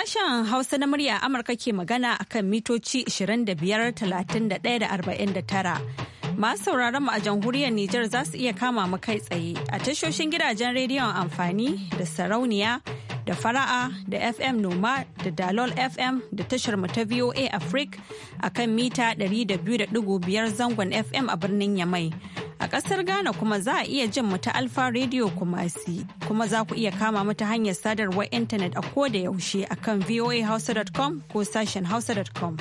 Sashen Hausa na murya Amurka ke magana akan mitoci 25,31,49. da tara Masu sauraron mu a jamhuriyar Nijar za su iya kama mu kai tsaye a tashoshin gidajen rediyon amfani da sarauniya da fara'a da FM Noma da Dalol FM da tashar mu ta VOA Africa a kan mita 200.5 zangon FM a birnin Yamai. A ƙasar Ghana kuma za a iya jin mu ta Alfa Radio Kumasi, kuma za ku iya kama mata hanyar sadarwar intanet a ko da yaushe akan voahausa.com ko sashen hausa.com.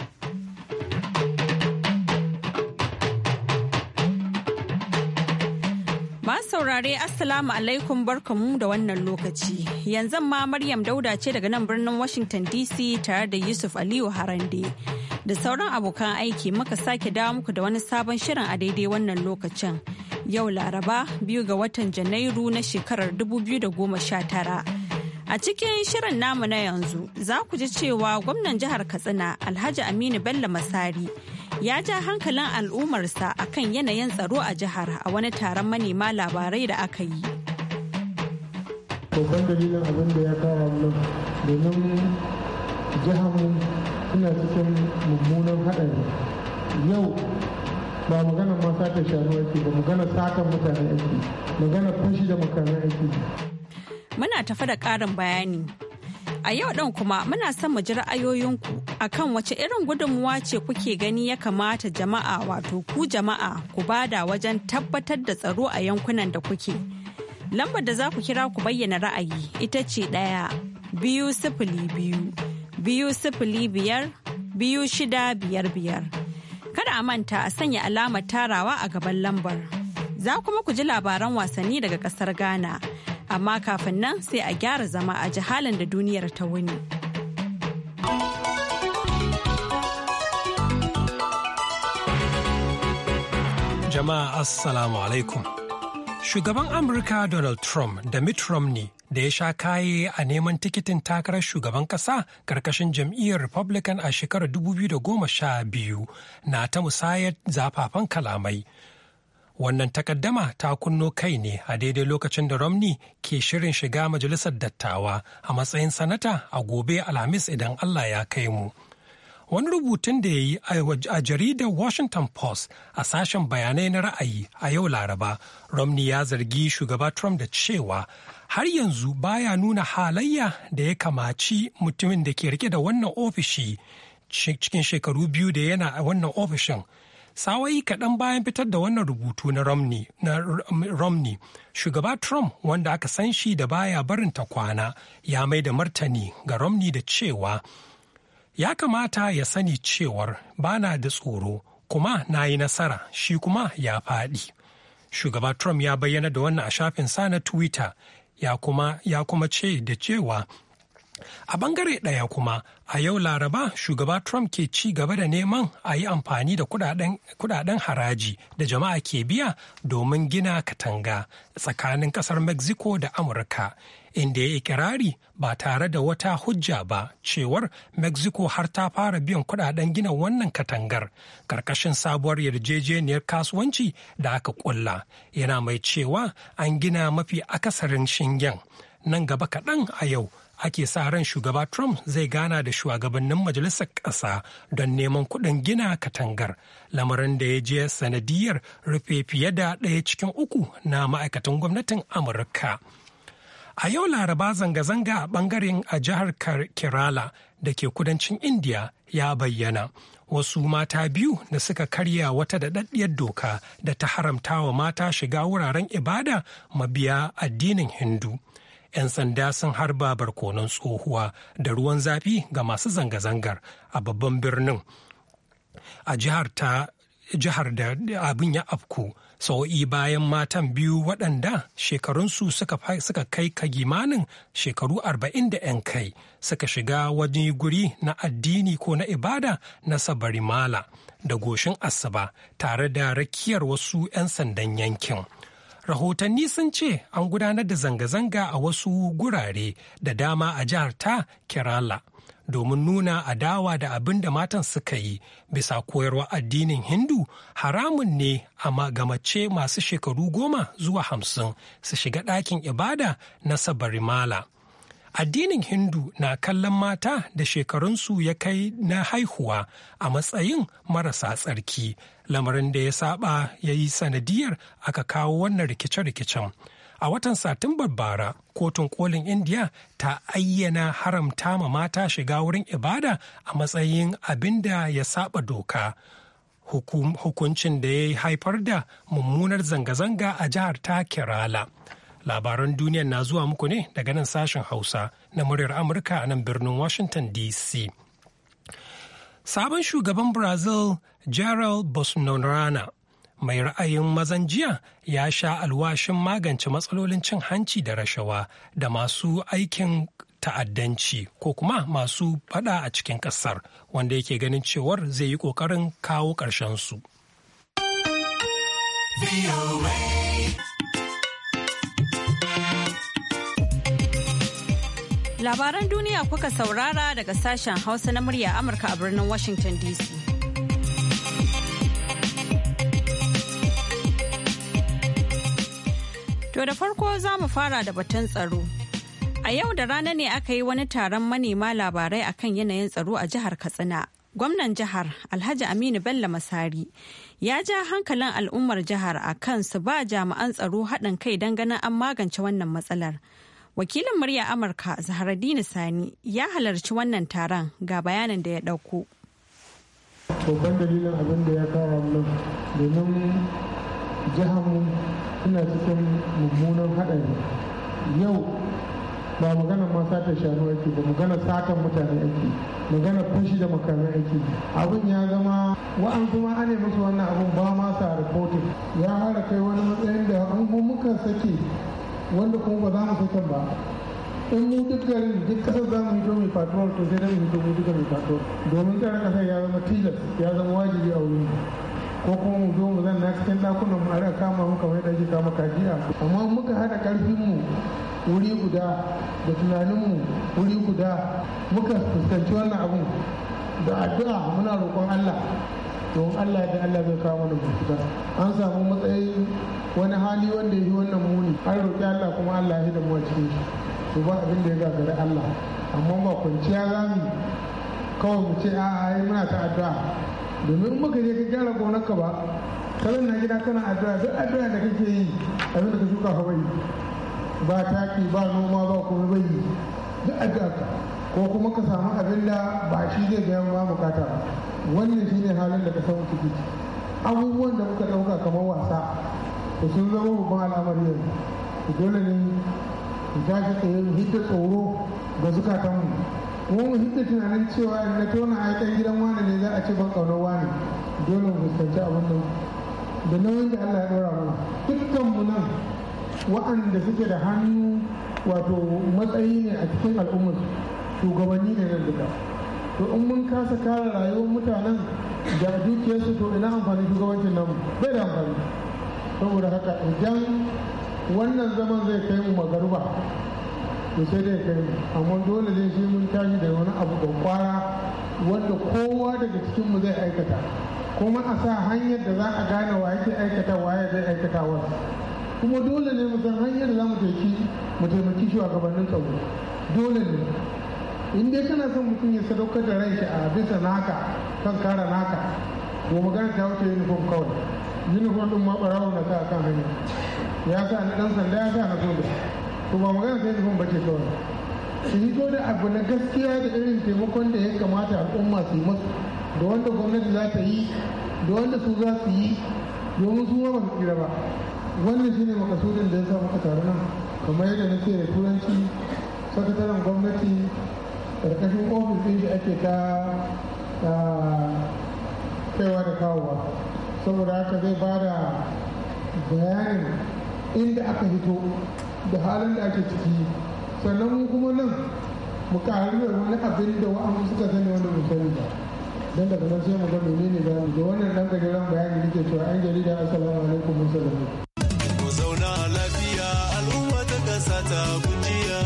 Masu saurare Assalamu alaikum barkamu da wannan lokaci. Yanzu ma Maryam Dauda ce daga nan birnin Washington DC tare da Yusuf Aliyu Harande. Da sauran abokan aiki muka sake dawo muku da wani sabon shirin a daidai wannan lokacin. Yau Laraba biyu ga watan Janairu na shekarar 2019. A cikin shirin namu na yanzu za ku ji cewa gwamnan jihar Katsina Alhaji Aminu Bello Masari. ya ja hankalin al'ummarsa kan yanayin tsaro a jihar a wani taron manema labarai da aka yi. Babban dalilin abin da ya kawo nan domin jihar suna cikin mummunan haɗari. Yau ba magana ma sata shanu aiki ba magana satan mutane aiki magana fashi da makaran aiki. Muna tafa da ƙarin bayani. A yau ɗan kuma muna son mu ji ra'ayoyinku A kan wace irin gudunmuwa ce kuke gani ya kamata jama'a wato ku jama'a ku bada wajen tabbatar da tsaro a yankunan da kuke. Lambar da za ku kira ku bayyana ra'ayi ita ce ɗaya biyu sifili biyu biyu sifili biyar biyu shida biyar biyar. Kada a manta a sanya alamar tarawa a gaban lambar. Za kuma ku ji labaran wasanni daga ƙasar Ghana. amma kafin nan sai a gyara zama a ji da duniyar ta wuni. Jama'a Assalamu alaikum. Shugaban Amurka Donald Trump da Mitt Romney da ya sha kaye a neman tikitin takarar shugaban kasa ƙarƙashin jam'iyyar Republican a shekarar 2012 na ta musayar zafafan kalamai Wannan takaddama ta kunno kai ne a daidai lokacin da Romney ke shirin shiga majalisar dattawa a matsayin sanata a gobe Alhamis idan Allah ya kai mu. Wani rubutun da ya yi a jaridar Washington Post a sashen bayanai na ra'ayi a yau Laraba, Romney ya zargi shugaba Trump da cewa har yanzu baya nuna halayya da ya kamaci mutumin da ke rike da wannan ofishi cikin shekaru biyu da yana wannan ofishin. Sawayi kaɗan bayan fitar da wannan rubutu na Romney, shugaba Trump wanda aka san shi da baya barin ta kwana ya mai da martani ga Romney da cewa ya kamata ya sani cewar bana da tsoro kuma na yi nasara shi kuma ya faɗi. Shugaba Trump ya bayyana da wannan a shafin sa na Twitter ya kuma, ya kuma ce da cewa A bangare ɗaya kuma, a yau Laraba shugaba Trump ke ci gaba da neman a yi amfani da kudaden haraji da jama'a ke biya domin gina katanga tsakanin ƙasar Mexico da Amurka, inda ya ikirari ba tare da wata hujja ba cewar Mexico har ta fara biyan kudaden gina wannan katangar ƙarƙashin sabuwar yarjejeniyar kasuwanci da aka ƙulla, yana mai cewa an gina mafi akasarin shingen nan gaba kaɗan a yau. ake sa ran shugaba Trump zai gana da shugabannin majalisar ƙasa don neman kuɗin gina katangar, lamarin da ya je sanadiyar rufe fiye da ɗaya cikin uku na ma'aikatan gwamnatin Amurka. A yau Laraba zanga-zanga a ɓangaren a jihar Kerala da ke kudancin India ya bayyana. Wasu mata biyu da suka karya wata daɗaɗɗiyar doka da ta haramta wa mata shiga wuraren ibada mabiya addinin Hindu. 'yan sanda sun harba barkonon tsohuwa da ruwan zafi ga masu zanga-zangar a babban birnin a jihar da abin ya afku sau'i bayan matan biyu waɗanda shekarunsu suka kai ka gimanin shekaru arba'in da 'yan kai suka shiga wani guri na addini ko na ibada na sabarimala da goshin asaba tare da rakiyar wasu 'yan sandan yankin. rahotanni sun ce an gudanar da zanga-zanga a wasu gurare da dama a jihar ta kerala domin nuna adawa da abin da matan suka yi bisa koyarwa addinin hindu haramun ne a ga masu shekaru goma zuwa hamsin su shiga ɗakin ibada na sabarimala. Addinin Hindu na kallon mata da shekarunsu ya kai na haihuwa a matsayin marasa tsarki, lamarin da ya saba ya yi sanadiyar aka kawo wannan rikice-rikicen. A watan Satumbar bara, kotun kolin Indiya ta ayyana haramta ma mata shiga wurin ibada a matsayin abin da ya saba doka. Hukuncin da ya haifar da mummunar zanga-zanga a jihar ta Kerala. labaran duniya na zuwa muku ne daga nan sashen hausa na muryar amurka a nan birnin washington dc sabon shugaban brazil gerald bolsonaro mai ra'ayin mazan jiya ya sha alwashin magance matsalolin cin hanci da rashawa da masu aikin ta'addanci ko kuma masu fada a cikin kasar wanda yake ganin cewar zai yi kokarin kawo ƙarshensu. su. Labaran duniya kuka saurara daga sashen Hausa na murya Amurka a birnin Washington DC. To da farko za mu fara da batun tsaro. A yau da rana ne aka yi wani taron manema labarai akan yanayin tsaro a jihar Katsina. Gwamnan jihar Alhaji Aminu Bello Masari ya ja hankalin al'ummar jihar a kan su ba jami'an tsaro haɗin kai don ganin an magance wannan matsalar. Wakilin murya Amurka Zaharaddini Sani ya halarci wannan taron ga bayanin da ya ɗauko. Babban dalilin abin da ya kawo nan domin jihanmu suna cikin mummunan haɗari. Yau ba magana ma sata shanu ake ba magana satan mutane ake magana fushi da makamai ake abin ya zama wa'an kuma ana musu wannan abin ba ma sa reporting ya hara kai wani matsayin da an muka sake wanda kuma ba za mu so ba in mu duk duk kasar za mu hito mai patrol to sai dai mu hito mu duka mai patrol domin tare kasar ya zama tilas ya zama wajibi a wurin ko kuma mu zo mu zanna cikin dakunan mu a kama mu kamar yadda ake kama kajiya amma muka haɗa ƙarfin mu wuri guda da tunaninmu wuri guda muka fuskanci wannan abun da addu'a muna roƙon Allah don Allah da Allah zai kawo mana mafita an samu matsayin wani hali wanda ya yi wannan muni an roƙi Allah kuma Allah ya da mu a cikin shi to ba abin da ya gagari Allah amma ba kwanciya za mu kawai mu ce a'a ai muna ta addu'a domin muka je ka gyara ka ba kalan na gida kana addu'a duk addu'a da kake yi abin da ka shuka fa bai ba taki ba noma ba kuma bai yi. duk addu'a ko kuma ka samu abin da ba shi zai ga yamma bukata wannan shine halin da ka samu ciki abubuwan da muka ɗauka kamar wasa da sun zama babban al'amari yanzu dole ne mu tashi tsaye mu hidda tsoro ga zukatanmu mu mu hidda tunanin cewa na tona aikan gidan wani ne za a ce ban kaunar wani dole mu fuskanci abin da da nauyin da Allah ya ɗora mana dukkanmu nan waɗanda suke da hannu wato matsayi ne a cikin al'ummar shugabanni ne nan duka to in mun kasa kare rayuwar mutanen da dukiyarsu to ina amfani shugabancin nan bai da amfani saboda haka idan wannan zaman zai kai mu magaruba to sai dai kai mu amma dole zai shi mun tashi da wani abu da kwara wanda kowa daga cikin mu zai aikata kuma a sa hanyar da za a gane wa yake aikata waye zai aikata wa kuma dole ne mu san hanyar da za mu taimaki mu taimaki gabanin tsaro dole ne in dai kana son mutum ya sadaukar da ranshi a bisa naka kan kara naka to magana ta wuce uniform kawai uniform din ma barawo na sa kan hanya ya sa ni dan sanda ya sa na soja to ba magana sai uniform bace kawai su hito da abu na gaskiya da irin taimakon da ya kamata al'umma su yi masu da wanda gwamnati za ta yi da wanda su za su yi domin su ma ba su kira ba wannan shine makasudin da ya sa muka taru nan kamar yadda na ce da turanci sakataren gwamnati karkashin ofis ɗin da ake ta kaiwa da kawowa saboda haka zai ba da bayanin inda aka hito da halin da ake ciki sannan mu kuma nan mu karu da wani abin da wa'an suka sani wanda mu sani ba don daga nan sai mu ga menene za mu da wannan dan gajeren bayani nake cewa an jarida assalamu alaikum mun salamu ku zauna lafiya al'umma ta kasa ta kujiya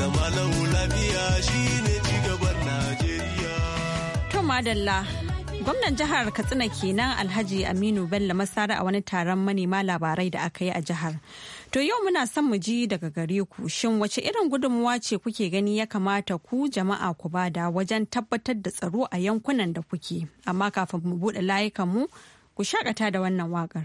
zama lau lafiya shine cigaban Najeriya to madalla Gwamnan jihar Katsina kenan Alhaji Aminu Bello Masara a wani taron manema labarai da aka yi a jihar. To yau muna son mu ji daga gare ku shin wace irin gudunmuwa ce kuke gani ya kamata ku jama'a ku bada wajen tabbatar da tsaro a yankunan da kuke. Amma kafin mu buɗe layukan mu ku shakata da wannan wakar.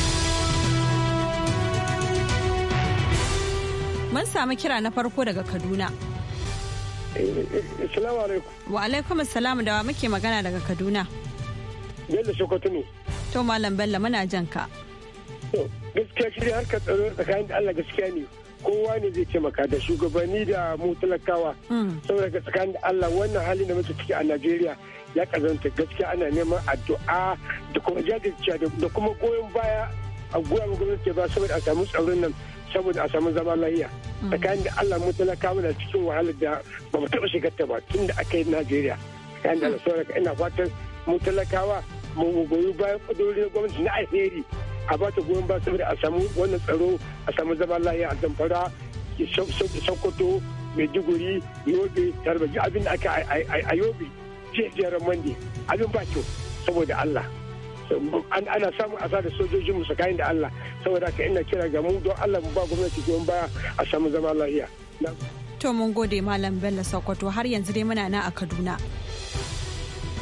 Mun samu kira na farko daga Kaduna. Wa alaikum salam da wa muke magana daga Kaduna. Bello Sokoto ne. To Malam Bello muna jan ka. Gaskiya shi harkar tsaro tsakanin da Allah gaskiya ne. kowa ne zai taimaka da shugabanni da mu talakawa hmm. saboda tsakanin Allah wannan hali da muke ciki a Najeriya ya kazanta gaskiya ana neman addu'a da kuma jajircewa da kuma goyon baya a goyon gwamnati ba saboda a samu tsaron nan saboda a samu zama lahiya tsakanin da Allah mu talaka muna cikin wahalar da ba mu taɓa shigar ta ba tun da aka yi Najeriya kan da sauraka ina fatan mu talakawa mu goyi bayan ƙudurin gwamnati na alheri a ba ta goyon ba saboda a samu wannan tsaro a samu zama lahiya a zamfara sokoto maiduguri yobe tarbaji abin da aka a yobe jiya mandi abin ba kyau saboda Allah. ana samun asa da sojojin mu tsakanin da Allah saboda ka ina kira ga mu don Allah mu ba gwamnati goyon baya a samu zama lafiya. To mun gode Malam Bello Sokoto har yanzu dai muna nan a Kaduna.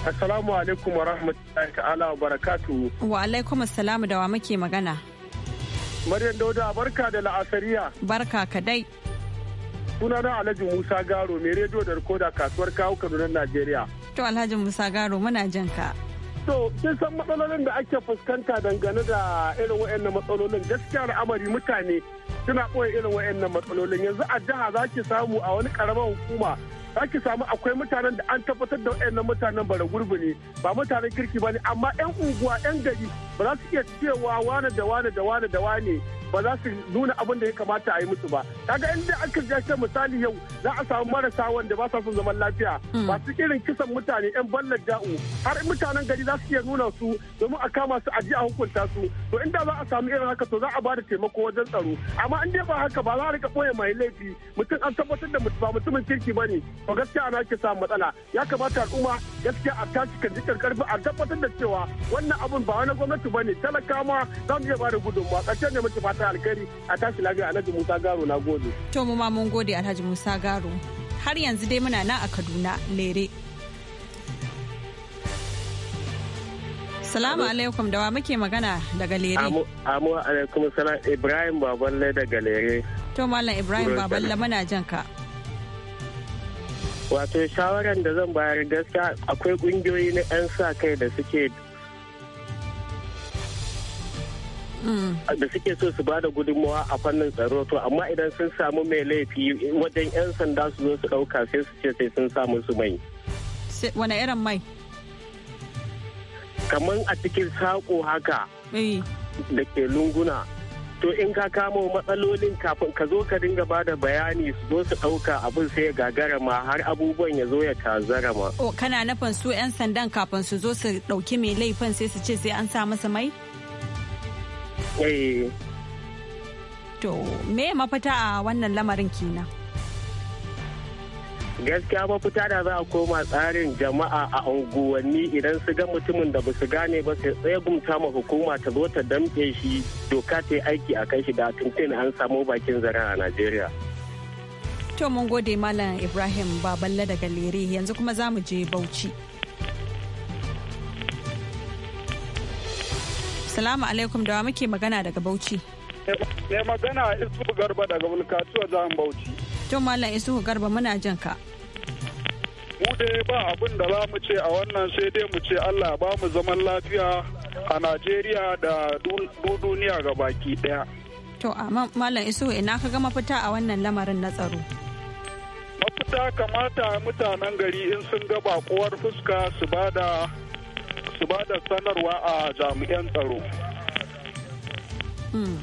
Assalamu alaikum wa rahmatullahi ta'ala wa barakatu. Wa alaikum assalamu da wa muke magana. Maryam Dauda barka da la'asariya. Barka ka dai. Sunana Alhaji Musa Garo mai rediyo da rikoda kasuwar kawo Kaduna Najeriya. To Alhaji Musa Garo muna jan ka. To, kin san matsalolin da ake fuskanta dangane da irin wayannan matsalolin gaskiya da amari mutane suna ɓoye irin wayannan matsalolin yanzu a jiha za ki samu a wani karamar hukuma za ki samu akwai mutanen da an tabbatar da wayannan mutanen bara gurbi ne ba mutanen kirki ba ne amma 'yan unguwa 'yan gari ba za su iya cewa wane da wane da wane da wane ba za su nuna abin da ya kamata a yi musu ba kaga inda aka ce misali yau za a samu marasa wanda ba sa son zaman lafiya ba hmm. su irin kisan mutane yan ballar da'u har mutanen gari za su iya nuna su domin a kama su a ji a hukunta su to inda za a samu irin haka to za a ba da taimako wajen tsaro amma in dai ba haka ba za a rika boye mai laifi mutum an tabbatar da ba mutumin kirki ba ne to gaskiya ana ke samun matsala ya kamata al'umma gaskiya a tashi kan jikar karfi a tabbatar da cewa wannan abun ba wani gwamnati ba ne ma za mu iya ba da gudunmawa ƙarshen ne mutum fata alkari a tashi lafiya Alhaji Musa Garo na gode. To mu ma mun gode Alhaji Musa Garo. Har yanzu dai muna nan a Kaduna lere. Salamu alaikum da wa muke magana daga lere. Amu alaikum salam Ibrahim Baballe daga lere. To Malam Ibrahim Baballe muna jan ka. Wato shawaran da zan bayar gaskiya akwai kungiyoyi na 'yan sa kai da suke da suke so su bada gudunmawa a fannin tsaro to amma idan sun samu mai laifi wajen 'yan sanda su zo su dauka sai su ce sai sun samu su mai. Wane irin mai? Kaman a cikin sako haka eh. da ke lunguna. To in ka kama matsalolin kafin ka zo ka dinga ba da bayani su zo su dauka abin sai ya gagara har abubuwan ya zo ya tazara ma. kana nufin su 'yan sandan kafin su zo su ɗauki mai laifin sai su ce sai an sa masa mai? Eh. to me mafita a wannan lamarin kina gaskiya mafita da za a koma tsarin jama'a a unguwanni idan su ga mutumin da ba su gane ba su tsegumta ma hukuma ta zo ta damfe shi doka ta yi aiki a kai shi da tuntun an samu bakin zara a najeriya to mun gode malam ibrahim baballe daga lere yanzu kuma za mu je bauchi Assalamu alaikum da muke magana daga Bauchi. Mai magana Isuhu Garba daga Bulkatu a jihar Bauchi. to mallam Isuhu Garba muna jin ka. Mu dai ba abin da za mu ce a wannan sai dai mu ce Allah ba mu zaman lafiya a Najeriya da duniya ga baki daya. To a mallam Isuhu ina ka ga mafita a wannan lamarin na tsaro. Mafita kamata mutanen gari in sun ga bakuwar fuska su bada su ba da sanarwa a jami'an tsaro. Hmm.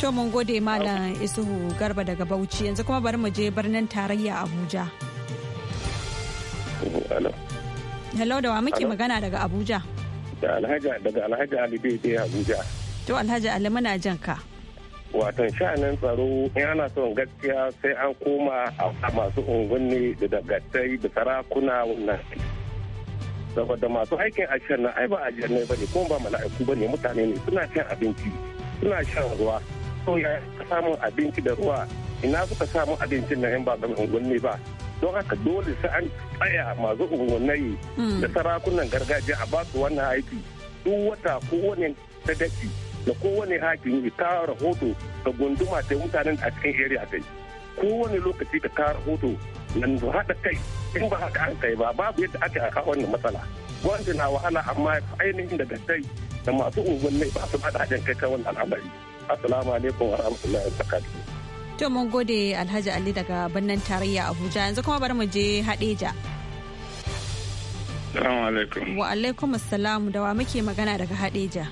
To mun gode mana Isuhu Garba daga Bauchi yanzu kuma bari mu je birnin tarayya Abuja. Hello da wa muke magana daga Abuja. Da Alhaji daga Alhaji Ali Bebe Abuja. To Alhaji Ali muna jan ka. Watan sha'anin tsaro in ana son gaskiya sai an koma a masu unguwanni da dagatai da sarakuna wannan saboda masu aikin ashir na ai ba ajiyar ba ne kuma ba mala'iku ba ne mutane ne suna cin abinci suna shan ruwa so ya samun abinci da ruwa ina suka samu abincin na yan ba ga unguwanni ba don haka dole sai an tsaya masu unguwannai da mm. sarakunan gargajiya a basu wannan aiki duk wata kowane sadaki da kowane hakin ya kawo rahoto ga gunduma ta mutanen a cikin area dai kowane lokaci ka kawo rahoto nan haɗa kai in ba haka an kai ba babu yadda aka aka wannan matsala wanda na wahala amma ainihin da kai da masu unguwanni ba su haɗa haɗin kai kan wannan al'amari assalamu alaikum wa rahmatullahi wa barakatuh to mun gode alhaji ali daga birnin tarayya abuja yanzu kuma bari mu je hadeja Assalamu alaikum. Wa alaikum assalam da wa muke magana daga Hadeja.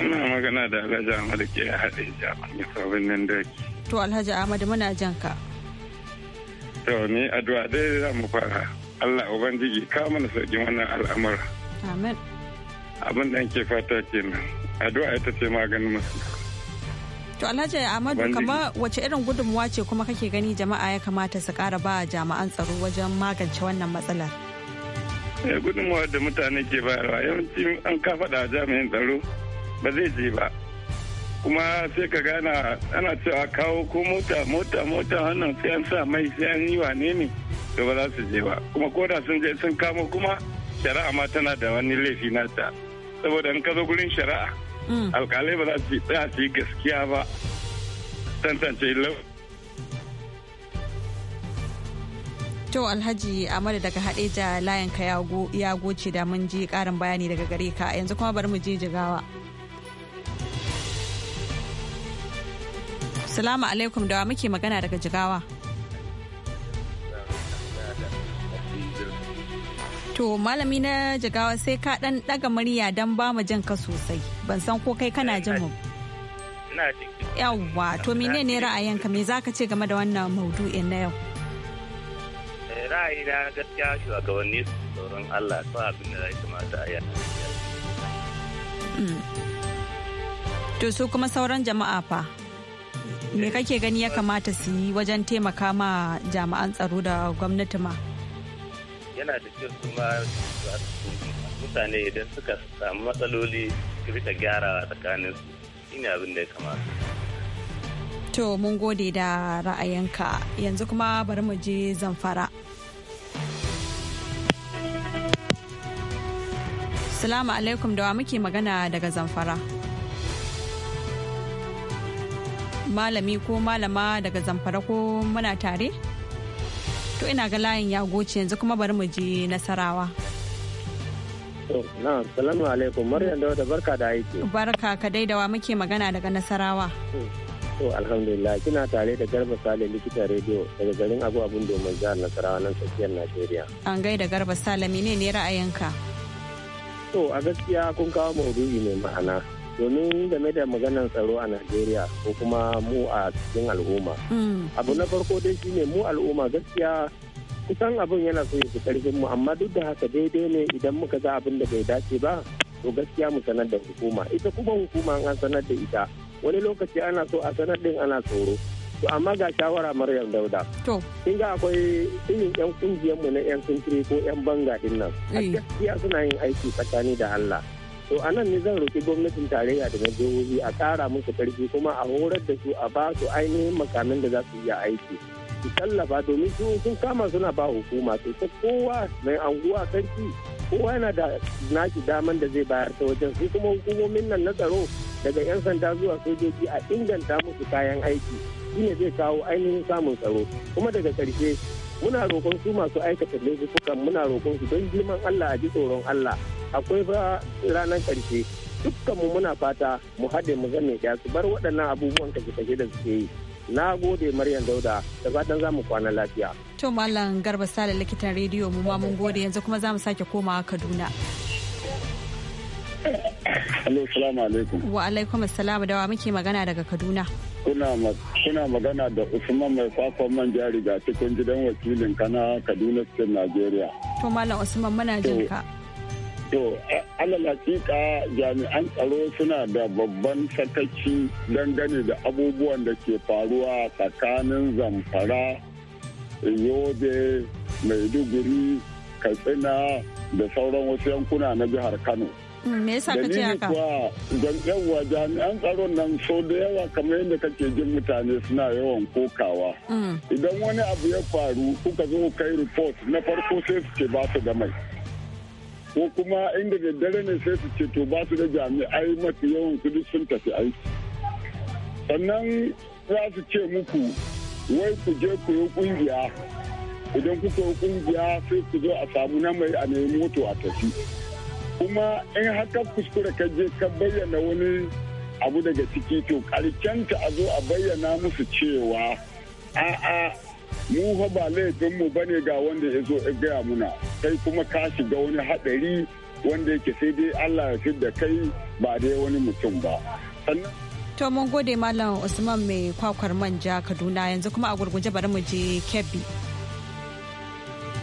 Ina magana da Alhaji Amadu ke Hadeja, mai sabon nan da To Alhaji Ahmad muna jan ka. To ni addu'a dai za mu fara. Allah Ubangiji ka mana sauƙi wannan al'amura. Amen. Abin da ke fata kenan. Addu'a ita ce maganin masu. To Alhaji Ahmadu kama wace irin gudunmuwa ce kuma kake gani jama'a ya kamata su ƙara ba jami'an tsaro wajen magance wannan matsalar? Ya eh, gudunmuwa da mutane ke bayarwa yawanci an ka faɗa jami'in tsaro ba zai je ba kuma sai ka gana ana cewa kawo ko mota mota mota wannan sai an sa mai sai an yi wane ne to ba za su je ba kuma ko da sun je sun kama kuma shari'a ma tana da wani laifi ta saboda in ka zo gurin shari'a mm. alkalai ba za su yi gaskiya ba tantance lau To Alhaji Amadu daga da layan ka ya goce da mun ji karin bayani daga gare ka yanzu kuma bari mu je jigawa. Salamu alaikum da muke magana daga jigawa. To malami na jigawa sai ka dan daga murya don ba mu jin ka sosai. Ban san ko kai kana jin mu. Yawwa to mene ne ra'ayinka me za ka ce game da wannan maudu'in na yau? Eh, na gaskiya shugabanni tsoron Allah ko abin da kuma ta aya. To su kuma sauran jama'a fa. me kake gani ya kamata su yi wajen taimaka ma jami'an tsaro da gwamnati ma yana da kyau kuma mutane idan suka samu matsaloli su rika gyara tsakanin su ina abin da ya kamata to mun gode da ra'ayinka yanzu kuma bari mu je zamfara Salamu alaikum da wa muke magana daga zamfara. malami ko malama daga zamfara ko muna tare to ina ga layin ya goce yanzu kuma bari mu je nasarawa na'am salamu alaikum maryam da wata barka da aiki barka ka daidawa muke magana daga nasarawa to alhamdulillah kina tare da garba sale likita rediyo daga garin abu abun domin jihar nasarawa nan tsakiyar najeriya an gaida garba Salami ne ne ra'ayinka to a gaskiya kun kawo maudu'i mai ma'ana domin game da maganar tsaro a najeriya ko kuma mu a cikin al'umma mm. abu na farko dai shine mu al'umma gaskiya kusan abin yana so yake karfin mu amma duk da haka daidai ne idan muka ga abin da bai dace ba to gaskiya mu sanar da hukuma ita kuma hukuma an sanar da ita wani lokaci ana so a sanar din ana tsoro to amma ga shawara maryam dauda to kin ga akwai irin yan kungiyar mu na yan sintiri ko yan banga din nan eh. gaskiya suna yin aiki tsakani da Allah to a nan ne zan roki gwamnatin tarayya da na jihohi a ƙara musu ƙarfi kuma a horar da su a ba su ainihin makamin da za su iya aiki su tallafa domin su sun kama suna ba hukuma to ta kowa mai anguwa sarki kowa yana da naki daman da zai bayar ta wajen su kuma hukumomin nan na tsaro daga 'yan sanda zuwa sojoji a inganta musu kayan aiki shine zai kawo ainihin samun tsaro kuma daga ƙarshe muna roƙon su masu aikata laifukan muna roƙon su don girman Allah a ji tsoron Allah akwai ba ranar ƙarshe dukkan muna fata mu haɗe mu zame ɗaya su bar waɗannan abubuwan kashe-kashe da suke yi na gode Maryam Dauda da fatan za mu kwana lafiya. To mallam Garba Sale likitan rediyo mu ma mun gode yanzu kuma za mu sake komawa Kaduna. Alo, salamu alaikum. Wa alaikum salamu dawa muke magana daga Kaduna. kuna magana da Usman mai kwakwan manja riga cikin gidan wakilin kana Kaduna cikin Najeriya. To Malam Usman muna jin ka. To alal hakika jami'an tsaro suna da babban sakaci dangane da abubuwan da ke faruwa tsakanin zamfara, yobe, maiduguri, katsina da sauran wasu yankuna na jihar Kano. Mm, me yasa ka ce haka yawa jami'an tsaron nan so da yawa kamar yadda kake jin mutane suna yawan kokawa mm. idan wani abu ya faru kuka zo kai report na farko sai su ce ba su da mai ko kuma inda daddare ne sai su ce to ba su da jami'ai mafi yawan su sun tafi aiki sannan za su ce muku wai ku je ku yi kungiya idan kuka yi kungiya sai ku zo a samu na mai a nemi moto a tafi kuma in haka kuskure ka je ka bayyana wani abu daga ciki to karkenta a zo a bayyana musu cewa a'a mu fa ba laifinmu ba ne ga wanda ya zo gaya muna kai kuma ka shiga wani haɗari wanda yake sai dai allah ya fi da kai ba dai wani mutum ba to mun gode malam usman mai kwakwar manja kaduna yanzu kuma a gurguje bari mu je kebbi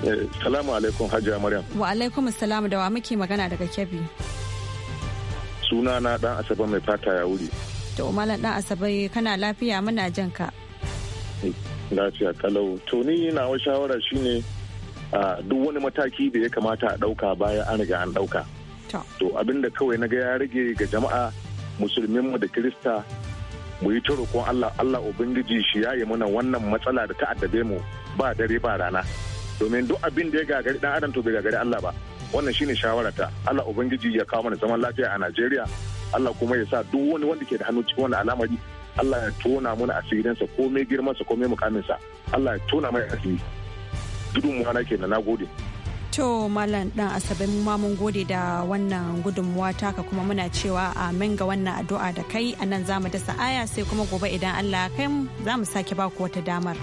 Eh, salamu alaikum Hajiya Maryam. Wa alaikum salamu da wa muke magana daga Kebbi. Suna na dan Asabe mai fata ya wuri. Da umalan dan Asabe kana lafiya muna jan ka. Eh, lafiya kalau. To ni na wa shawara shine duk wani mataki da ya kamata a ɗauka bayan an riga an dauka. To abinda kawai na ga ya rage ga jama'a musulmin mu da Kirista mu yi ta roƙon Allah Allah Ubangiji shi ya yi mana wannan matsala da ta addabe mu ba dare ba rana. domin duk abin da ya gagari dan adam to bai gagari Allah ba wannan shine shawarata Allah ubangiji ya kawo mana zaman lafiya a Najeriya Allah kuma ya sa duk wani wanda ke da hannu cikin wannan al'amari Allah ya tona mana asirinsa ko girmansa mukamin sa Allah ya tona mai asiri gudunmuwa na kenan nagode to malam dan asabe mu ma mun gode da wannan gudunmuwa taka kuma muna cewa amin ga wannan addu'a da kai anan zamu dasa aya sai kuma gobe idan Allah ya kai mu zamu sake baku wata damar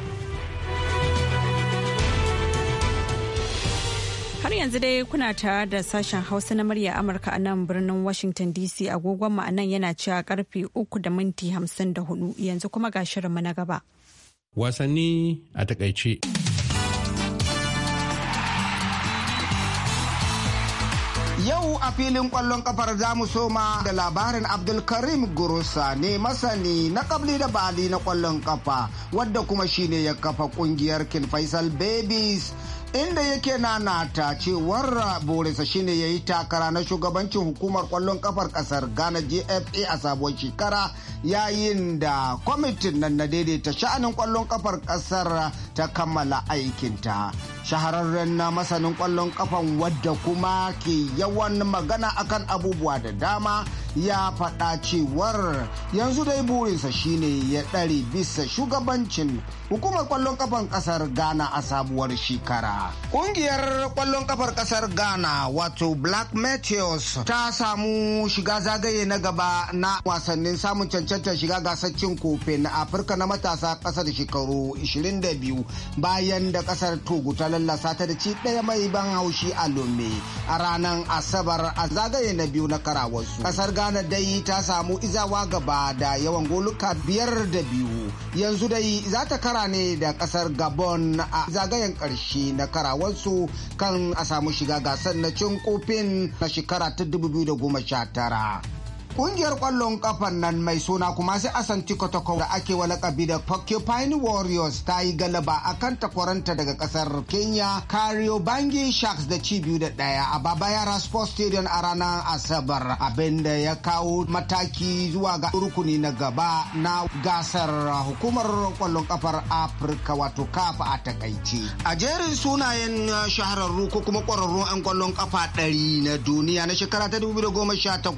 Har yanzu dai kuna tare da sashen Hausa na murya Amurka a nan birnin Washington DC agogon mu a nan yana cewa karfe 3 da minti 54 yanzu kuma ga shirinmu na gaba. Wasanni a takaice. Yau a filin kwallon kafar za mu soma da labarin Abdulkarim Gurusa ne masani na kabli da bali na kwallon kafa wadda kuma shine ya kafa kungiyar Kin Faisal Babies inda yake nanata cewar borisa shine ya yi takara na shugabancin hukumar kwallon kafar kasar ghana gfa a sabuwar shekara yayin da kwamitin nan na daidaita sha'anin kwallon kafar kasar ta kammala aikinta shahararren na masanin kwallon kafan wadda kuma ke yawan magana akan abubuwa da dama ya faɗa cewar yanzu dai burinsa shine ya ɗare bisa shugabancin hukumar kwallon kafan ƙasar ghana a sabuwar shekara ƙungiyar kwallon kafar ƙasar ghana wato black meteors ta samu shiga zagaye na gaba na wasannin samun cancantar shiga gasar kofin afirka na matasa ƙasar da shekaru 22 bayan da ƙasar togo ta lallasa ta da ci ɗaya mai ban haushi a Lome a ranar Asabar a zagaye na biyu na karawarsu. Kasar Ghana dai ta samu izawa gaba da yawan goluka biyar da biyu. Yanzu dai za ta kara ne da kasar Gabon a zagayen karshe na karawarsu kan a samu shiga gasar na cin kofin na shekara ta 2019. Kungiyar kwallon kafan nan mai suna kuma sai asanti kotoko da ake walakabi da Porcupine Warriors ta yi galaba a kan takwaranta daga kasar Kenya Kario Bangi Sharks da ci da ɗaya a Baba Yara Sports Stadium a ranar Asabar abinda ya kawo mataki zuwa ga rukuni na gaba na gasar hukumar kwallon kafar Afirka wato kafa a takaice. A jerin sunayen uh, shahararru ko kuma kwararru 'yan kwallon kafa ɗari na duniya na shekara ta 2018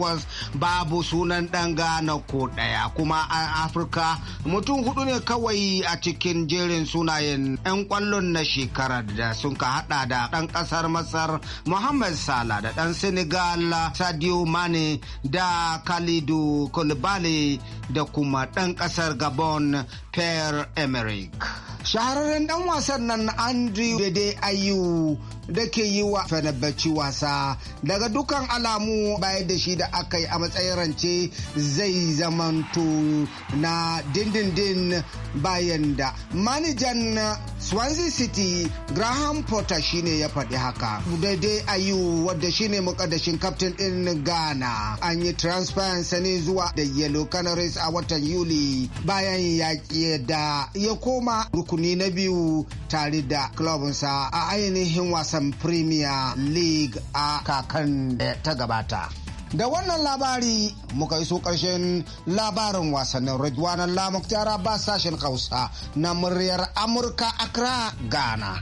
ba babu sunan ɗan Ghana ko ɗaya kuma a Afirka mutum hudu ne kawai a cikin jerin sunayen 'yan kwallon na shekarar da sun ka hada da ɗan ƙasar Masar Muhammad sala da ɗan Senegal Sadio Mane da Khalidu Koulibaly da kuma ɗan ƙasar Gabon Pierre Emerick. Shahararren ɗan wasan nan Andrew Dede Ayu da ke yi wa Fenerbahce wasa daga dukan alamu bayan da shi da aka yi a matsayin rance zai zamanto na dindindin bayan da manajan Swansea City Graham Potter shine ya faɗi haka. Daidai Ayu wadda shine mukaddashin kaftin ɗin Ghana an yi transparency ne zuwa da Yellow Canaries a watan Yuli bayan yaƙi da ya koma rukuni na biyu tare da sa a ainihin wasan wasan premier league a kakan da ta gabata da wannan labari muka iso ƙarshen labarin wasannin Ridwanan Lamuk tara ba sashen Hausa na muryar Amurka Accra Ghana.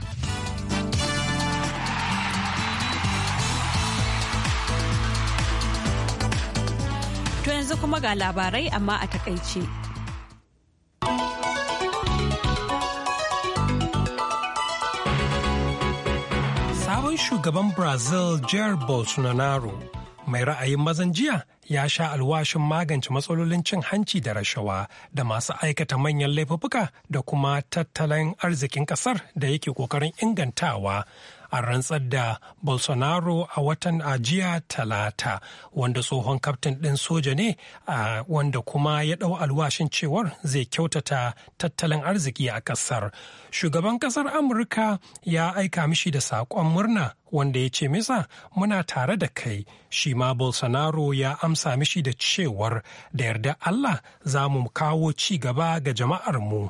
To yanzu kuma ga labarai amma a takaice. shugaban Brazil Jair Bolsonaro mai ra'ayin mazan jiya ya sha alwashin magance matsalolin cin hanci da rashawa da masu aikata manyan laifuka da kuma tattalin arzikin kasar da yake ƙoƙarin ingantawa a rantsar da Bolsonaro a watan ajiya talata wanda tsohon kaftin ɗin soja ne wanda kuma ya ɗau alwashin cewar zai kyautata tattalin arziki a ƙasar. Shugaban ƙasar Amurka ya aika mishi da saƙon murna wanda ya ce misa muna tare da kai shi ma Bolsonaro ya amsa mishi da cewar da yarda Allah za mu kawo ci gaba ga jama'armu. mu.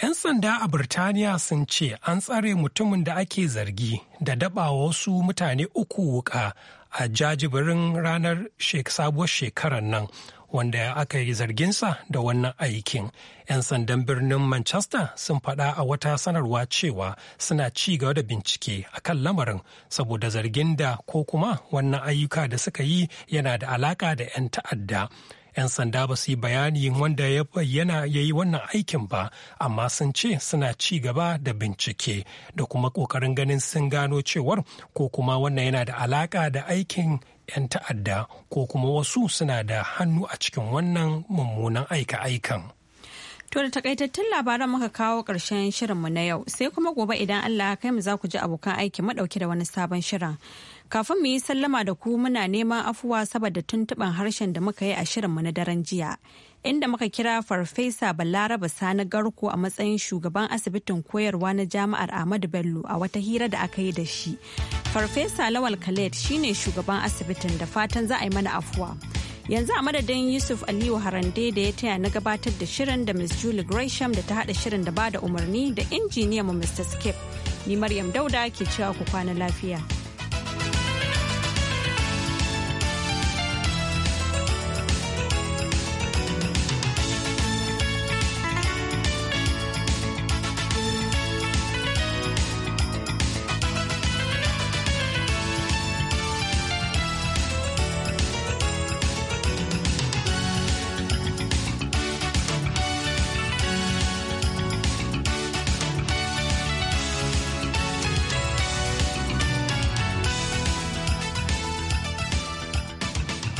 'Yan sanda a Birtaniya sun ce an tsare mutumin da ake zargi da daba wasu mutane uku wuka a jajibirin ranar sabuwar shekarar nan wanda aka yi zarginsa da wannan aikin. 'Yan sandan birnin Manchester sun faɗa a wata sanarwa cewa suna ci gaba da bincike a kan lamarin saboda zargin da ko kuma wannan ayyuka da suka yi yana da alaka da 'yan ta'adda. 'yan sanda ba su yi bayani wanda ya bayyana ya yi wannan aikin ba amma sun ce suna ci gaba da bincike da kuma kokarin ganin sun gano cewar ko kuma wannan yana da alaka da aikin 'yan ta'adda ko kuma wasu suna da hannu a cikin wannan mummunan aika-aikan. To da takaitattun labaran muka kawo ƙarshen shirinmu na yau sai kuma gobe idan Allah ya kai mu za ku ji abokan aiki madauki da wani sabon shirin. Kafin mu yi sallama da ku muna neman afuwa saboda tuntuɓin harshen da muka yi a shirinmu na daren jiya. Inda muka kira Farfesa Balaraba Sani Garko a matsayin shugaban asibitin koyarwa na Jami'ar Ahmadu Bello a wata hira da aka yi da shi. Farfesa Lawal Khaled shine shugaban asibitin da fatan za a yi mana afuwa. yanzu a madadin yusuf aliyu harande da ya taya na gabatar da shirin da miss julie gresham da ta hada shirin da ba da umarni da injiniyan mu mr skip ni maryam dauda ke cewa ku kwana lafiya